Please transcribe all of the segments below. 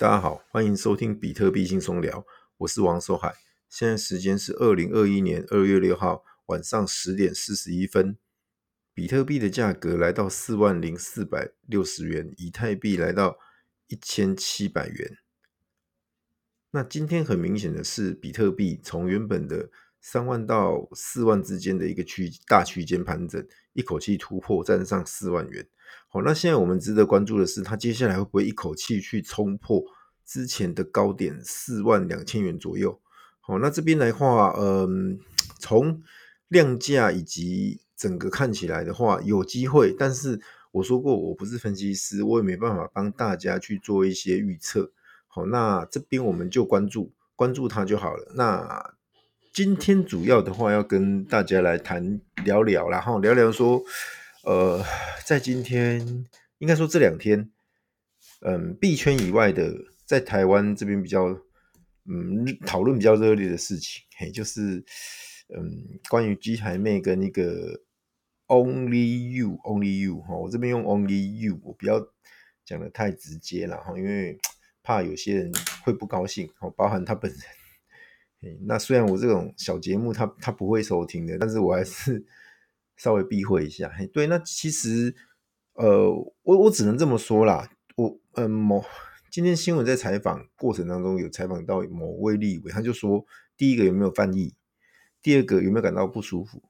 大家好，歡迎收聽比特幣輕鬆聊，我是王守海。現在時間是二零二一年二月六號晚上十點四十一分，比特幣的價格來到四萬零四百六十元，以太幣來到一千七百元。那今天很明顯的是，比特幣從原本的三萬到四萬之間的一個區大區間盤整，一口氣突破，站上四萬元。好，那現在我們值得關注的是，它接下來會不會一口氣去衝破之前的高點四萬兩千元左右？好，那這邊的話，嗯，從量價以及整個看起來的話，有機會。但是我說過，我不是分析師，我也沒辦法幫大家去做一些預測。好，那這邊我們就關注關注它就好了。那今天主要的話，要跟大家來談聊聊啦，然後聊聊說。呃，在今天應該說這兩天，嗯，幣圈以外的，在台灣這邊比較嗯討論比較熱烈的事情，嘿，就是嗯，關於雞排妹跟那個 Only You Only You 哈、哦，我這邊用 Only You，我不要講的太直接了哈，因為怕有些人會不高興，我、哦、包含他本人，嘿，那雖然我這種小節目他他不會收聽的，但是我還是。稍微避諱一下，對，那其實，呃，我我只能這麼說啦。我，嗯，某今天新聞在採訪過程當中有採訪到某位立委，他就說：第一個有沒有犯意？第二個有沒有感到不舒服？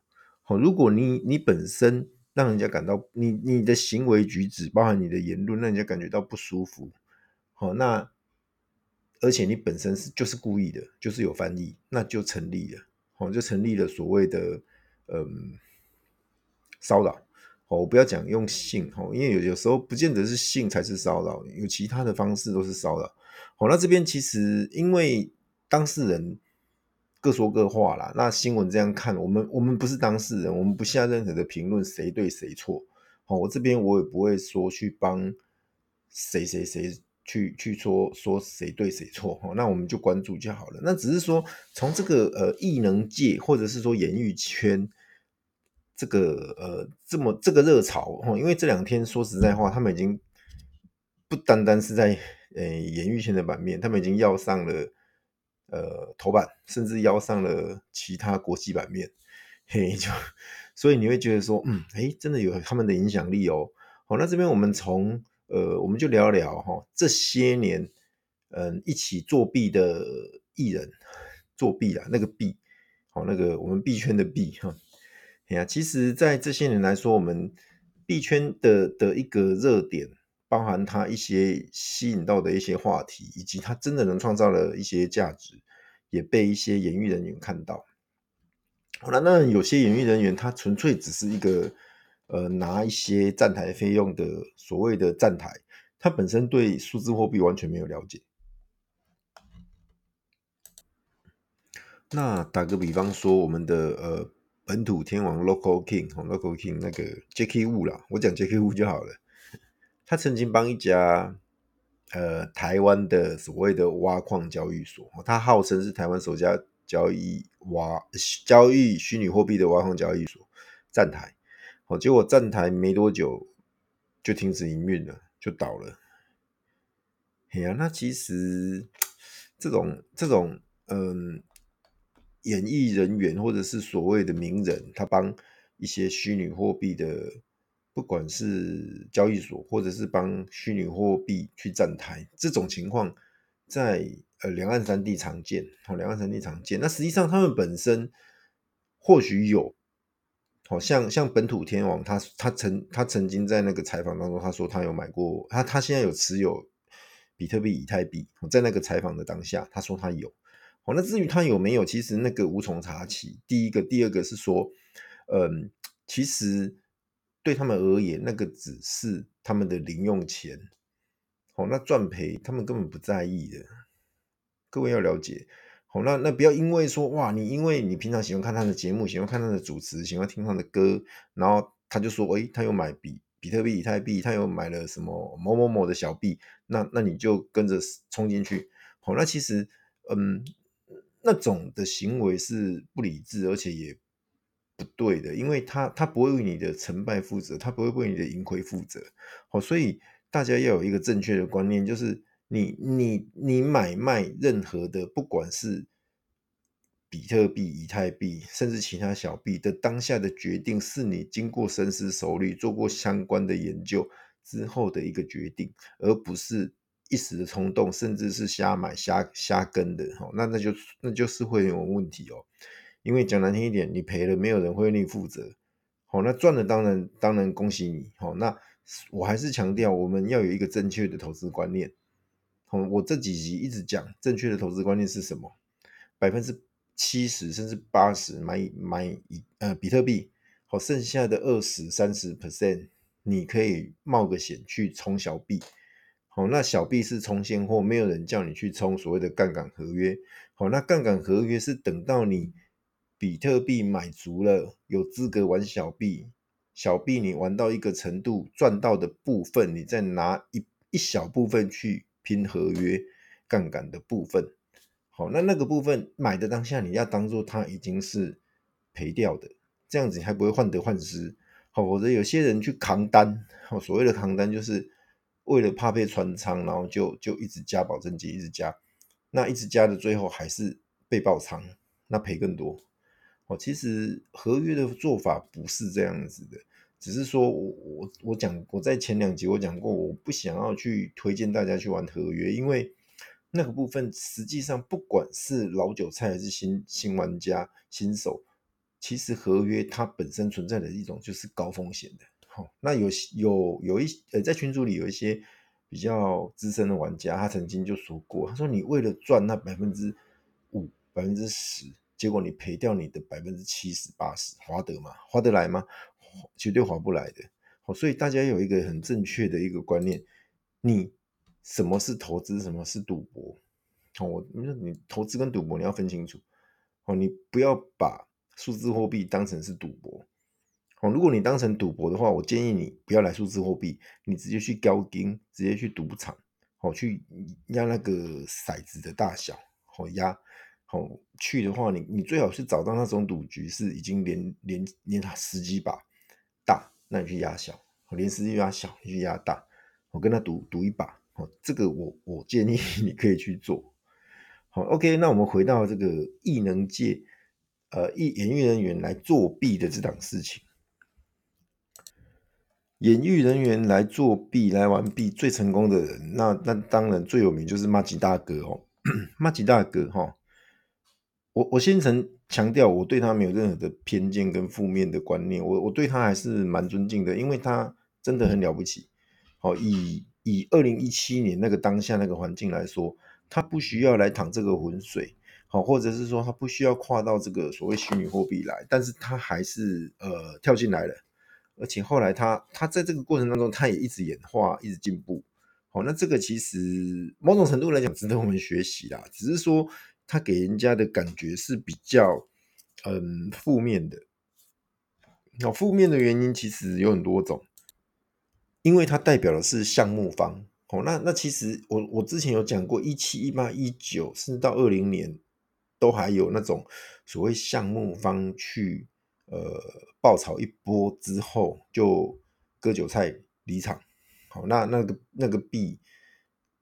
好、哦，如果你你本身讓人家感到你你的行為舉止，包含你的言論，讓人家感覺到不舒服，好、哦，那而且你本身是就是故意的，就是有犯意，那就成立了，好、哦，就成立了所謂的，嗯。騷擾，哦，我不要講用性，因為有時候不見得是性才是騷擾，有其他的方式都是騷擾。好，那這邊其實因為當事人各說各話了，那新聞這樣看，我們我們不是當事人，我們不下任何的評論誰對誰錯。我這邊我也不會說去幫誰誰誰去去說說誰對誰錯。那我們就關注就好了。那只是說從這個呃藝能界，或者是說演藝圈。這個呃，這麼這個熱潮，哦，因為這兩天說實在話，他們已經不單單是在，呃、演藝圈的版面，他們已經要上了呃頭版，甚至要上了其他國際版面，嘿，就所以你會覺得說，嗯，真的有他們的影響力哦。好，哦，那這邊我們從呃，我們就聊一聊，哦，這些年嗯，呃，一起做幣的藝人做幣啊，那個幣，哦，那個我們幣圈的幣哈。哦其實，在這些年來說，我們幣圈的的一個熱點，包含它一些吸引到的一些話題，以及它真的能創造了一些價值，也被一些演藝人員看到。那有些演藝人員，他純粹只是一個呃拿一些站台費用的所謂的站台，他本身對數字貨幣完全沒有了解。那打個比方說，我們的呃。本土天王 Local King，Local King 那個 Jackie Wu 啦，我講 Jackie Wu 就好了。他曾經幫一家呃台灣的所謂的挖礦交易所，他號稱是台灣首家交易挖交易虛擬貨幣的挖礦交易所站台。結果站台沒多久就停止營運了，就倒了。嘿啊，那其實這種這種嗯。演藝人員或者是所謂的名人，他幫一些虛擬貨幣的，不管是交易所或者是幫虛擬貨幣去站台，這種情況在呃兩岸三地常見。兩岸三地常見。那實際上他們本身或許有，好像像本土天王，他他曾他曾經在那個採訪當中，他說他有買過，他他現在有持有比特幣、以太幣。在那個採訪的當下，他說他有。那至於他有沒有，其實那個無從查起。第一個，第二個是說，嗯，其實對他們而言，那個只是他們的零用錢。好，那賺賠他們根本不在意的。各位要了解，好，那那不要因為說哇，你因為你平常喜歡看他的節目，喜歡看他的主持，喜歡聽他的歌，然後他就說，哎、欸，他又買比比特幣、以太幣，他又買了什麼某某某的小幣，那那你就跟着衝進去。好，那其實，嗯。那種的行為是不理智，而且也不對的，因為他他不會為你的成敗負責，他不會為你的盈虧負責。好，所以大家要有一個正確的觀念，就是你你你買賣任何的，不管是比特幣、以太幣，甚至其他小幣的當下的決定，是你經過深思熟慮、做過相關的研究之後的一個決定，而不是。一時的衝動，甚至是瞎買瞎瞎跟的哈，那那就那就是會有問題哦。因為講難聽一點，你賠了，沒有人會為你負責。好，那賺了當然當然恭喜你。好，那我還是強調，我們要有一個正確的投資觀念。好，我這幾集一直講正確的投資觀念是什麼？百分之七十甚至八十買買呃比特幣，好，剩下的二十三十 percent 你可以冒個險去衝小幣。好，那小幣是充現貨，沒有人叫你去充所謂的槓桿合約。好，那槓桿合約是等到你比特幣買足了，有資格玩小幣。小幣你玩到一個程度，賺到的部分，你再拿一一小部分去拼合約槓桿的部分。好，那那個部分買的當下，你要當做它已經是賠掉的，這樣子你還不會患得患失。好，或者有些人去扛單，好，所謂的扛單就是。為了怕被穿倉，然後就就一直加保證金，一直加，那一直加的最後還是被爆倉，那賠更多。哦，其實合約的做法不是這樣子的，只是說我我我講我在前兩集我講過，我不想要去推薦大家去玩合約，因為那個部分實際上不管是老韭菜還是新新玩家新手，其實合約它本身存在的一種就是高風險的。好，那有有有一呃，在群組裡有一些比較資深的玩家，他曾經就說過，他說你為了賺那百分之五、百分之十，結果你賠掉你的百分之七十八十，划得嘛？划得來嗎？絕對划不來的。好，所以大家有一個很正確的一個觀念，你什麼是投資，什麼是賭博？好，我你你投資跟賭博你要分清楚。好，你不要把數字貨幣當成是賭博。哦，如果你當成賭博的話，我建議你不要來數字貨幣，你直接去交金，直接去賭場，好，去壓那個骰子的大小，好壓，好去的話，你你最好是找到那種賭局是已經連連連十幾把大，那你去壓小，連十幾壓小，你去壓大，我跟他賭賭一把，這個我我建議你可以去做，好，OK，那我們回到這個藝能界，呃，藝，演藝人員來作弊的這檔事情。演藝人員來做幣、來玩幣最成功的人，那那當然最有名就是麻吉大哥哦、喔， 麻吉大哥哈、喔。我我先曾強調，我對他沒有任何的偏見跟負面的觀念，我我對他還是蠻尊敬的，因為他真的很了不起。好，以以二零一七年那個當下那個環境來說，他不需要來淌這個渾水，好，或者是說他不需要跨到這個所謂虛擬貨幣來，但是他還是呃跳進來了。而且後來他他在這個過程當中，他也一直演化，一直進步。好、哦，那這個其實某種程度來講，值得我們學習啦。只是說，他給人家的感覺是比較嗯負面的、哦。負面的原因其實有很多種，因為它代表的是項目方。哦，那那其實我我之前有講過，一七、一八、一九，甚至到二零年，都還有那種所謂項目方去。呃，爆炒一波之後就割韭菜離場，好，那那個那個幣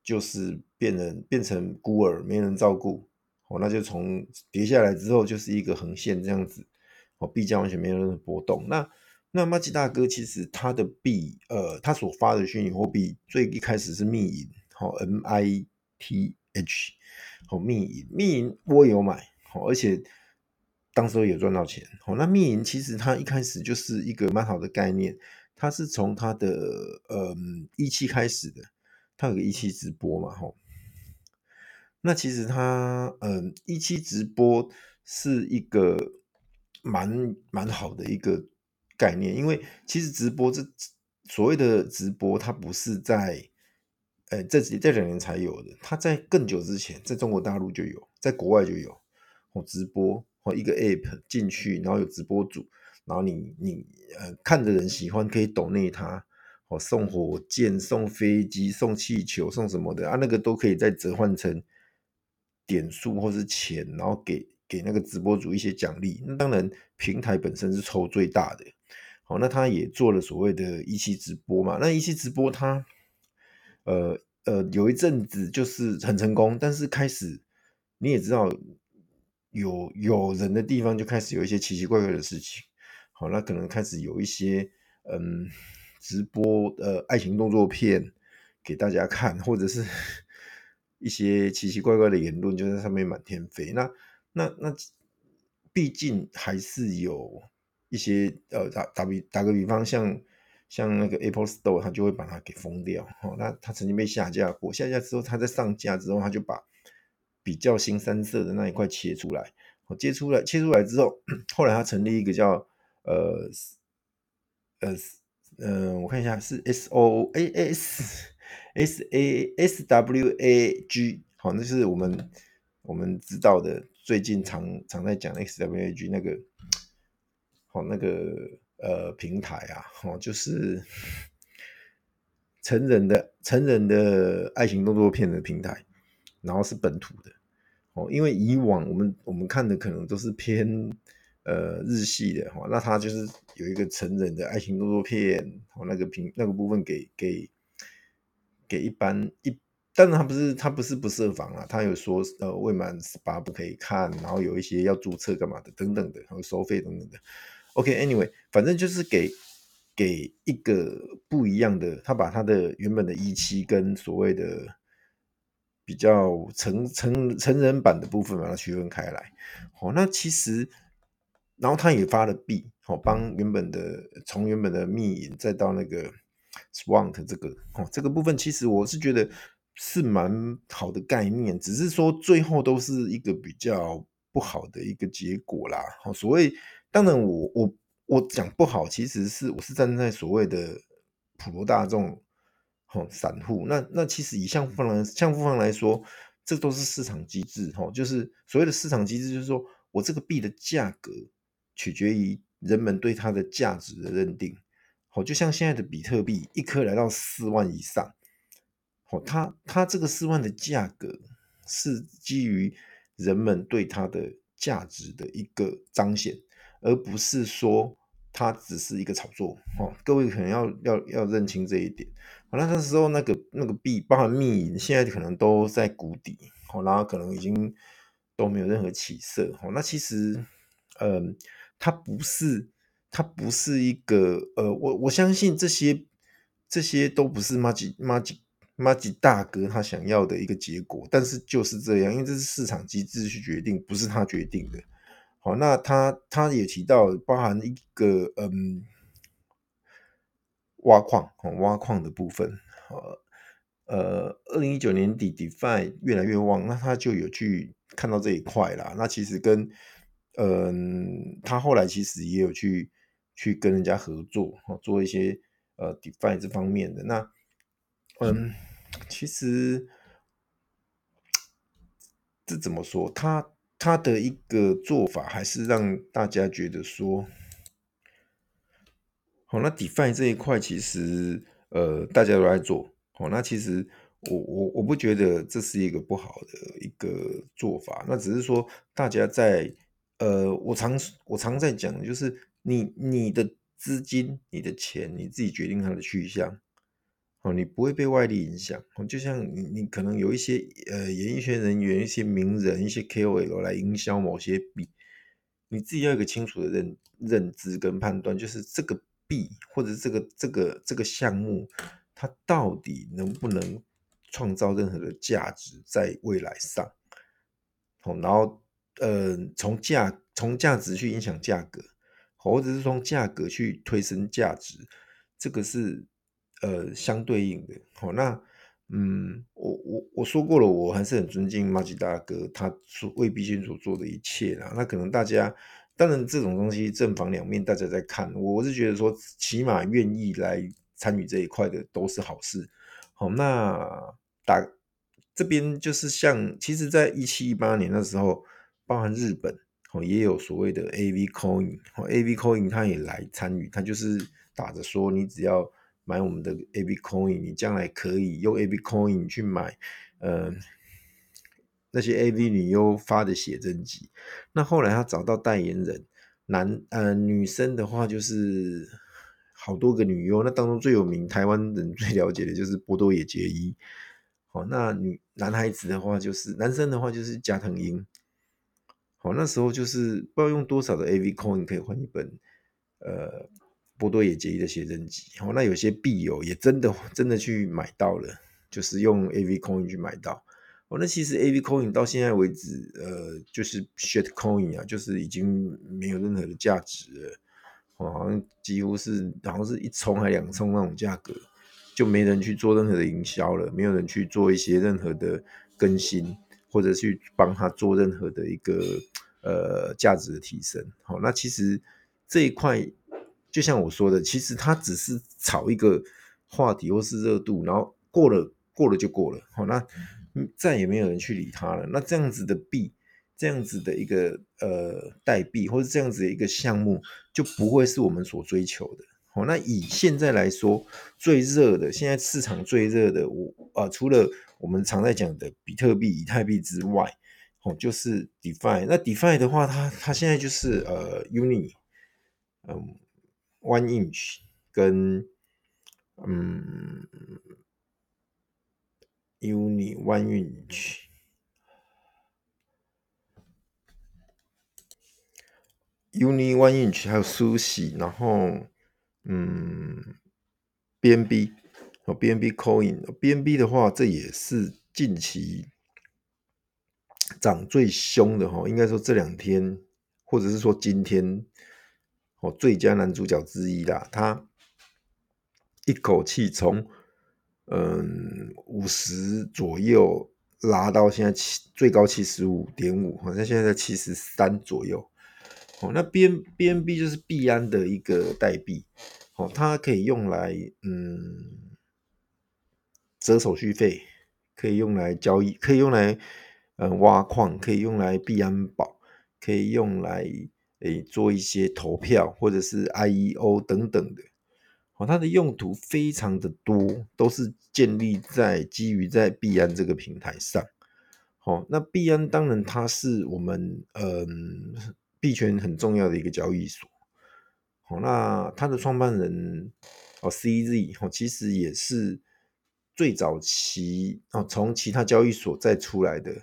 就是變成變成孤兒，沒人照顧，好，那就從跌下來之後就是一個橫線這樣子，好，幣價完全沒有那波動。那那麻吉大哥其實他的幣，呃，他所發的虛擬貨幣最一開始是秘銀，好，M I T H，好，秘銀，秘銀我有買，好，而且。當時也賺到錢，那秘銀其實它一開始就是一個蠻好的概念，它是從它的呃17開始的，它有一個17直播嘛，吼，那其實它嗯17直播是一個蠻蠻好的一個概念，因為其實直播這所謂的直播，它不是在呃這這兩年才有的，它在更久之前，在中國大陸就有，在國外就有，吼，直播。一個 app 進去，然後有直播主，然後你你呃看的人喜歡，可以抖內他，哦送火箭、送飛機、送氣球、送什麼的啊，那個都可以再折換成點數或是錢，然後給給那個直播主一些獎勵。那當然，平台本身是抽最大的。好、哦，那他也做了所謂的一期直播嘛？那一期直播他呃呃有一陣子就是很成功，但是開始你也知道。有有人的地方就開始有一些奇奇怪怪的事情，好，那可能開始有一些嗯，直播呃愛情動作片給大家看，或者是一些奇奇怪怪的言論就是在上面滿天飛。那那那，畢竟還是有一些呃打打比打個比方，像像那個 Apple Store，他就會把它給封掉。好，那他曾經被下架過，下架之後，他再上架之後，他就把。比較新三色的那一塊切出來，我接出來，切出來之後，後來他成立一個叫呃呃呃，我看一下是 S O A A S A S W A G，好、哦，那是我們我們知道的，最近常常在講的 S W A G 那個好、哦、那個呃平台啊，好、哦、就是成人的成人的愛情動作片的平台，然後是本土的。因為以往我們我們看的可能都是偏呃日系的，哦，那他就是有一個成人的愛情動作片，哦，那個平那個部分給給給一般一，但是他不是他不是不設防啊，他有說呃未滿十八不可以看，然後有一些要註冊幹嘛的等等的，還、哦，有收費等等的。OK，anyway，、okay, 反正就是給給一個不一樣的，他把他的原本的一期跟所謂的。比較成成成人版的部分把它區分開來，好、哦，那其實，然後他也發了幣、哦，好，幫原本的從原本的密影再到那個 SWAG 這個，哦，這個部分其實我是覺得是蠻好的概念，只是說最後都是一個比較不好的一個結果啦，好、哦，所謂當然我我我講不好，其實是我是站在所謂的普羅大眾。哦、散戶那那其實以相互方來，相互方來說，這都是市場機制。哦、就是所謂的市場機制，就是說我這個幣的價格取決於人們對它的價值的認定。哦、就像現在的比特幣，一顆來到四萬以上。哦、它它這個四萬的價格是基於人們對它的價值的一個彰顯，而不是說它只是一個炒作。哦、各位可能要要要認清這一點。好，那那時候那個那個幣，包含秘銀，現在可能都在谷底，好，然後可能已經都沒有任何起色，好，那其實，嗯，它不是，它不是一個，呃，我我相信這些這些都不是麻吉麻吉麻吉大哥他想要的一個結果，但是就是這樣，因為這是市場機制去決定，不是他決定的，好，那他他也提到包含一個，嗯。挖礦、哦、挖礦的部分，呃呃，二零一九年底，DeFi 越來越旺，那他就有去看到這一塊了。那其實跟，嗯，他後來其實也有去去跟人家合作，做一些呃 DeFi 這方面的。那，嗯，其實這怎麼說？他他的一個做法，還是讓大家覺得說。好，那 defi 這一塊其實，呃，大家都在做。好、哦，那其實我我我不覺得這是一個不好的一個做法。那只是說，大家在，呃，我常我常在講，就是你你的資金、你的錢，你自己決定它的去向。好、哦，你不會被外力影響。就像你你可能有一些呃演藝圈人員、一些名人、一些 KOL 來營銷某些幣，你自己要一個清楚的認認知跟判斷，就是這個。B 或者這個這個這個項目，它到底能不能創造任何的價值在未來上？哦、然後呃，從價從價值去影響價格，或者是從價格去推升價值，這個是呃相對應的。好、哦，那嗯，我我我說過了，我還是很尊敬麻吉大哥，他所為比特幣所做的一切啦。那可能大家。當然，這種東西正反兩面，大家在看。我是覺得說，起碼願意來參與這一塊的都是好事。好，那打這邊就是像，其實，在一七一八年那時候，包含日本，哦，也有所謂的 A V Coin，A V Coin，他也來參與，他就是打着說，你只要買我們的 A V Coin，你將來可以用 A V Coin 去買，呃。那些 AV 女優發的寫真集，那後來他找到代言人，男，呃，女生的話就是好多個女優，那當中最有名台灣人最了解的就是波多野結衣，好、哦、那女，男孩子的話就是男生的話就是加藤鷹。好、哦、那時候就是不知道用多少的 AV coin 可以換一本，呃，波多野結衣的寫真集，好、哦、那有些幣友也真的真的去買到了，就是用 AV coin 去買到。哦，那其實 AV Coin 到現在為止，呃，就是 Shit Coin 啊，就是已經沒有任何的價值了。哦，好像幾乎是好像是一沖還是兩沖那種價格，就沒人去做任何的營銷了，沒有人去做一些任何的更新，或者去幫他做任何的一個呃價值的提升。好、哦，那其實這一塊就像我說的，其實他只是炒一個話題或是熱度，然後過了過了就過了。好、哦，那。再也沒有人去理他了。那這樣子的幣，這樣子的一個呃代幣，或者這樣子的一個項目，就不會是我們所追求的。哦，那以現在來說最熱的，現在市場最熱的，我、呃、啊，除了我們常在講的比特幣、以太幣之外，哦，就是 DeFi。那 DeFi 的話，它它現在就是呃，Uni，嗯、呃、，1inch 跟嗯。Uni one inch，Uni one inch，還有蘇西，然後嗯，B N B，哦，B N B Coin，B N B 的話，這也是近期漲最兇的哈。應該說這兩天，或者是說今天，哦，最佳男主角之一啦，他一口氣從嗯，五十左右拉到現在七最高七十五點五，好像現在在七十三左右。哦，那邊 BNB 就是幣安的一個代幣，哦，它可以用來嗯，折手續費，可以用來交易，可以用來嗯挖礦，可以用來幣安寶，可以用來誒、欸、做一些投票或者是 IEO 等等的。哦，它的用途非常的多，都是建立在基於在幣安這個平台上。哦，那幣安當然它是我們嗯幣圈很重要的一個交易所。好，那它的創辦人哦 CZ 哦，其實也是最早期哦從其他交易所再出來的，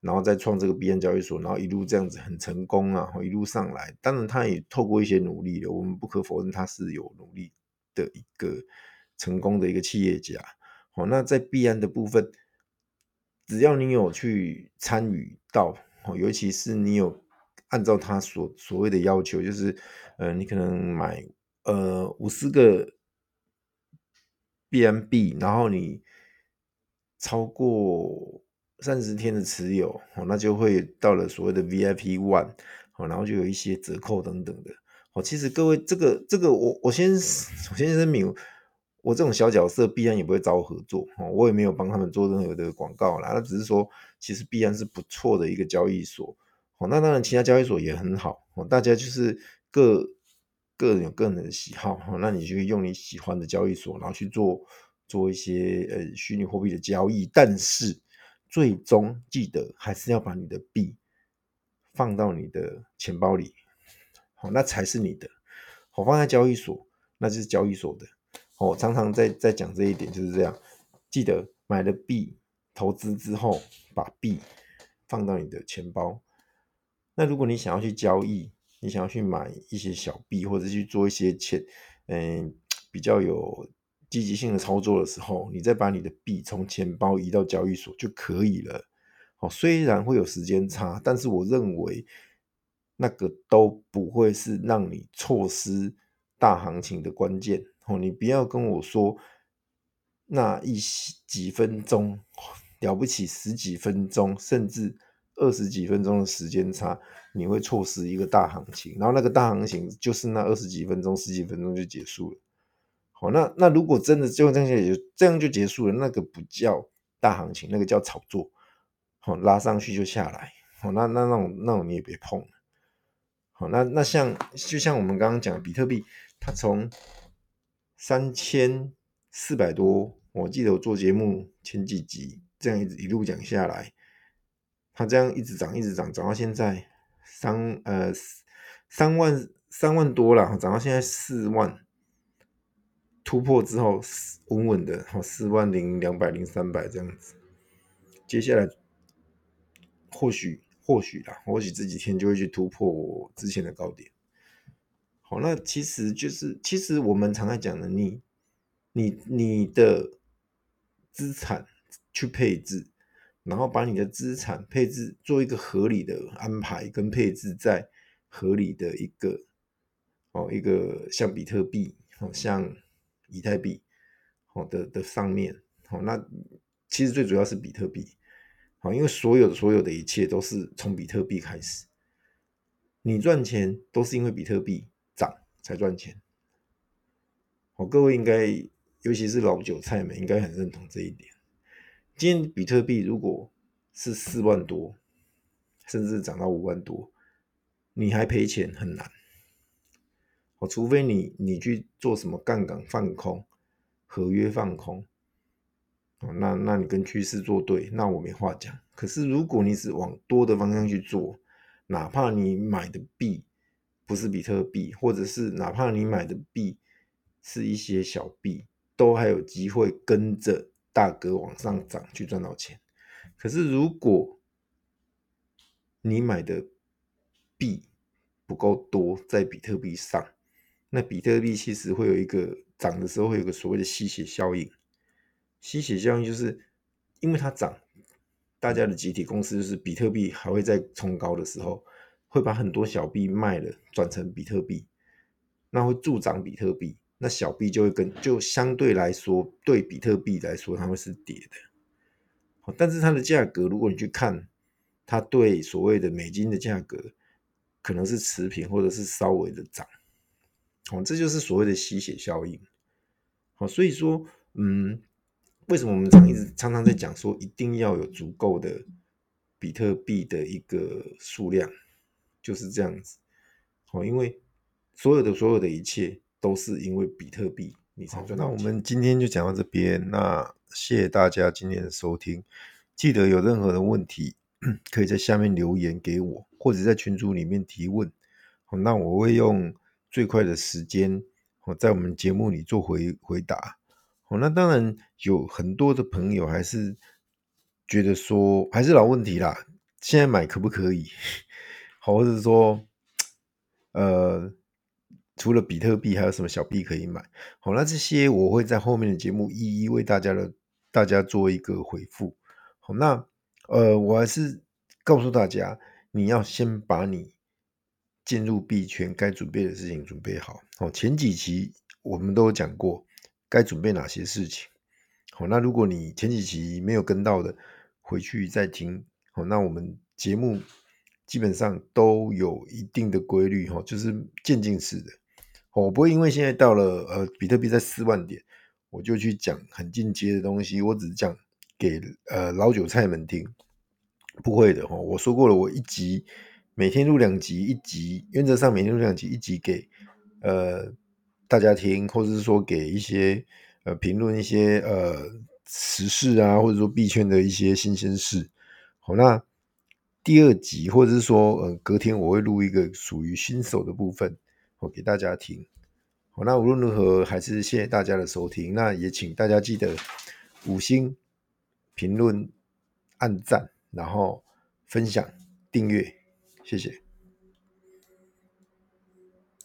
然後再創這個幣安交易所，然後一路這樣子很成功啊，一路上來。當然，他也透過一些努力的，我們不可否認他是有努力。的一個成功的一個企業家，好，那在幣安的部分，只要你有去參與到，尤其是你有按照他所所謂的要求，就是呃，你可能買呃五十個 BNB，然後你超過三十天的持有，哦，那就會到了所謂的 VIP One，哦，然後就有一些折扣等等的。哦，其實各位，這個這個我，我先我先首先聲明，我這種小角色幣安也不會找我合作哦，我也沒有幫他們做任何的廣告啦。那只是說，其實幣安是不錯的一個交易所哦。那當然，其他交易所也很好哦。大家就是各個人有個人的喜好，哦，那你就用你喜歡的交易所，然後去做做一些呃虛擬貨幣的交易。但是最終記得還是要把你的幣放到你的錢包裡。那才是你的，我放在交易所，那就是交易所的。我常常在在講這一點，就是這樣。記得買了幣投資之後，把幣放到你的錢包。那如果你想要去交易，你想要去買一些小幣，或者去做一些錢，嗯、呃，比較有積極性的操作的時候，你再把你的幣從錢包移到交易所就可以了。好，雖然會有時間差，但是我認為。那個都不會是讓你錯失大行情的關鍵哦。你不要跟我說那一幾分鐘了不起十幾分鐘甚至二十幾分鐘的時間差，你會錯失一個大行情。然後那個大行情就是那二十幾分鐘十幾分鐘就結束了。好，那那如果真的就這樣也這樣就結束了，那個不叫大行情，那個叫炒作。好，拉上去就下來。那那那那你也別碰。好，那那像，就像我們剛剛講，比特幣，它從三千四百多，我記得我做節目前幾集這樣一直一路講下來，它這樣一直漲，一直漲，漲到現在三呃三萬三萬多了，漲到現在四萬突破之後，穩穩的，好四萬零兩百零三百這樣子，接下來或許。或許啦，或許這幾天就會去突破我之前的高點。好，那其實就是，其實我們常在講的，你、你、你的資產去配置，然後把你的資產配置做一個合理的安排跟配置在合理的一個哦，一個像比特幣、哦像以太幣、好的的上面。好，那其實最主要是比特幣。因為所有的所有的一切都是從比特幣開始，你賺錢都是因為比特幣漲才賺錢。哦，各位應該，尤其是老韭菜們，應該很認同這一點。今天比特幣如果是四萬多，甚至漲到五萬多，你還賠錢很難。哦，除非你你去做什麼槓桿放空、合約放空。那那你跟趨勢做對，那我沒話講。可是如果你只往多的方向去做，哪怕你買的幣不是比特幣，或者是哪怕你買的幣是一些小幣，都還有機會跟着大哥往上漲去賺到錢。可是如果你買的幣不夠多，在比特幣上，那比特幣其實會有一個漲的時候，會有一個所謂的吸血效應。吸血效應就是，因為它漲，大家的集體共識就是比特幣還會在衝高的時候，會把很多小幣賣了，轉成比特幣，那會助長比特幣，那小幣就會跟，就相對來說對比特幣來說，它會是跌的。但是它的價格，如果你去看，它對所謂的美金的價格，可能是持平或者是稍微的漲。好，這就是所謂的吸血效應。好，所以說，嗯。為什麼我們常一直常常在講說，一定要有足夠的比特幣的一個數量，就是這樣子。哦，因為所有的所有的一切都是因為比特幣，你才賺。那我們今天就講到這邊。那謝謝大家今天的收聽。記得有任何的問題，可以在下面留言給我，或者在群組裡面提問。那我會用最快的時間，我在我們節目裡做回回答。好，那當然有很多的朋友還是覺得說，還是老問題啦，現在買可不可以？好，或者說，呃，除了比特幣還有什麼小幣可以買？好，那這些我會在後面的節目一一為大家的大家做一個回復。好，那呃，我還是告訴大家，你要先把你進入幣圈該準備的事情準備好。好，前幾期我們都有講過。該準備哪些事情？好，那如果你前幾期沒有跟到的，回去再聽。好，那我們節目基本上都有一定的規律，哈，就是漸進式的。我不會因為現在到了呃比特幣在四萬點，我就去講很進階的東西。我只是講給呃老韭菜們聽，不會的，哈。我說過了，我一集每天錄兩集，一集原則上每天錄兩集，一集給呃。大家聽，或者是說給一些呃評論一些呃時事啊，或者說幣圈的一些新鮮事。好，那第二集或者是說嗯、呃、隔天我會錄一個屬於新手的部分，我給大家聽。好，那無論如何還是謝謝大家的收聽。那也請大家記得五星評論、按讚、然後分享、訂閱，謝謝。